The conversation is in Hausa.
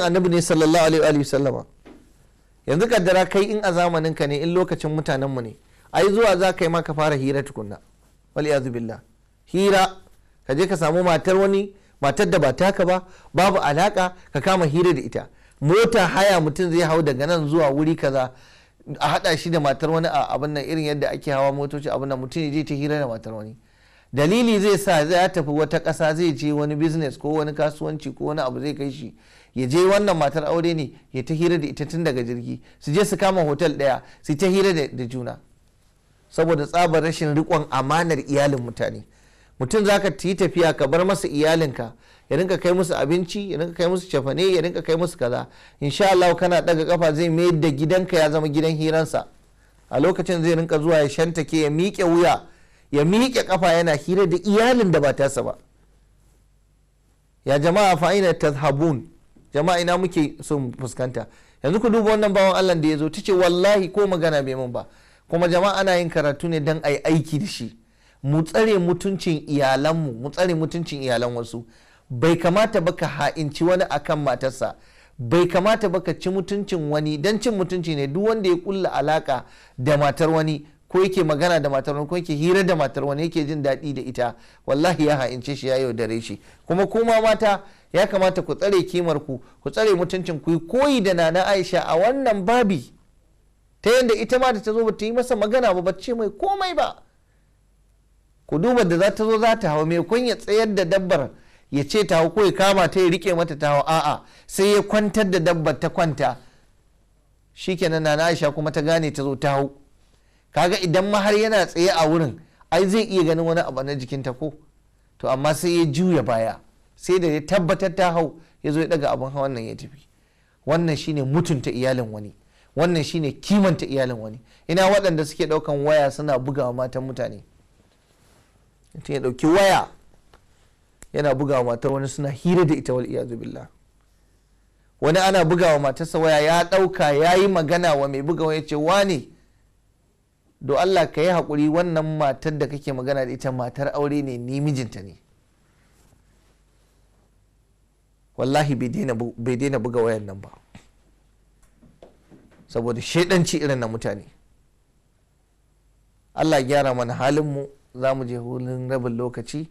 annabi ne sallallahu alaihi wa sallama yanzu kaddara kai in a zamanin ka ne in lokacin mutanenmu ne ai zuwa za ka yi ma ka fara hira tukunna wal iyazu billah hira ka je ka samu matar wani matar da ba taka ba babu alaka ka kama hira da ita mota haya mutum zai hau daga nan zuwa wuri kaza a hada shi da matar wani a abin nan irin yadda ake hawa motoci abin nan mutum ya je ta hira da matar wani dalili zai sa ya tafi wata ƙasa zai je wani business ko wani kasuwanci ko wani abu zai kai shi ya je wannan matar aure ne ya ta hira da ita tun daga jirgi su je su kama hotel ɗaya su ta hira da juna saboda tsabar rashin riƙon amanar iyalin mutane mutum zaka ka yi tafiya ka bar masa iyalinka ya rinka kai musu abinci ya rinka kai musu cefane ya rinka kai musu kaza insha Allah kana daga kafa zai mayar da gidanka ya zama gidan hiransa a lokacin zai rinka zuwa ya shantake ya miƙe wuya ya miƙe kafa yana hira da iyalin da ba tasa ba ya jama'a fa'ina habun. jama'a ina muke sun fuskanta yanzu ku duba wannan bawan Allah da ya zo tace wallahi ko magana bai mun ba kuma jama'a ana yin karatu ne dan ayi aiki da shi mu tsare mutuncin iyalanmu mu tsare mutuncin iyalan wasu bai kamata ba ka ha'inci wani akan matarsa bai kamata ba ka ci mutuncin wani don cin mutunci ne duk wanda ya kulla alaka da matar wani ko yake magana da matar wani ko yake hira da matar wani yake jin daɗi da ita wallahi ya ha'ince shi ya yaudare shi kuma kuma mata ya kamata ku tsare kimar ku ku tsare mutuncin ku koyi da nana Aisha a wannan babi ta yadda ita ma da ta zo ta yi masa magana ba bace mai komai ba ku duba da za ta zo za ta hawa mai kun ya tsayar da dabbar ya ce ta ko ya kama ta ya rike mata ta hawa a'a sai ya kwantar da dabbar ta kwanta shi shikenan nana Aisha kuma ta gane ta zo ta hau kaga idan ma yana tsaye a wurin ai zai iya ganin wani abu na jikin ta ko to amma sai ya juya baya sai da ya tabbatar ta hau ya zo ya daga abin hawan nan ya tafi wannan shine mutunta iyalin wani wannan shine kimanta iyalin wani ina waɗanda suke ɗaukan waya suna bugawa matan mutane tun ya ɗauki waya yana bugawa matar wani suna hira da ita wal iyazu wani ana bugawa matarsa waya ya ɗauka ya yi magana wa mai bugawa ya ce wane do Allah ka yi haƙuri wannan matar da kake magana da ita matar aure ne ni mijinta ne wallahi bai daina buga wayan nan ba saboda shaidanci irin na mutane Allah gyara mana halinmu za mu je hulun rabin lokaci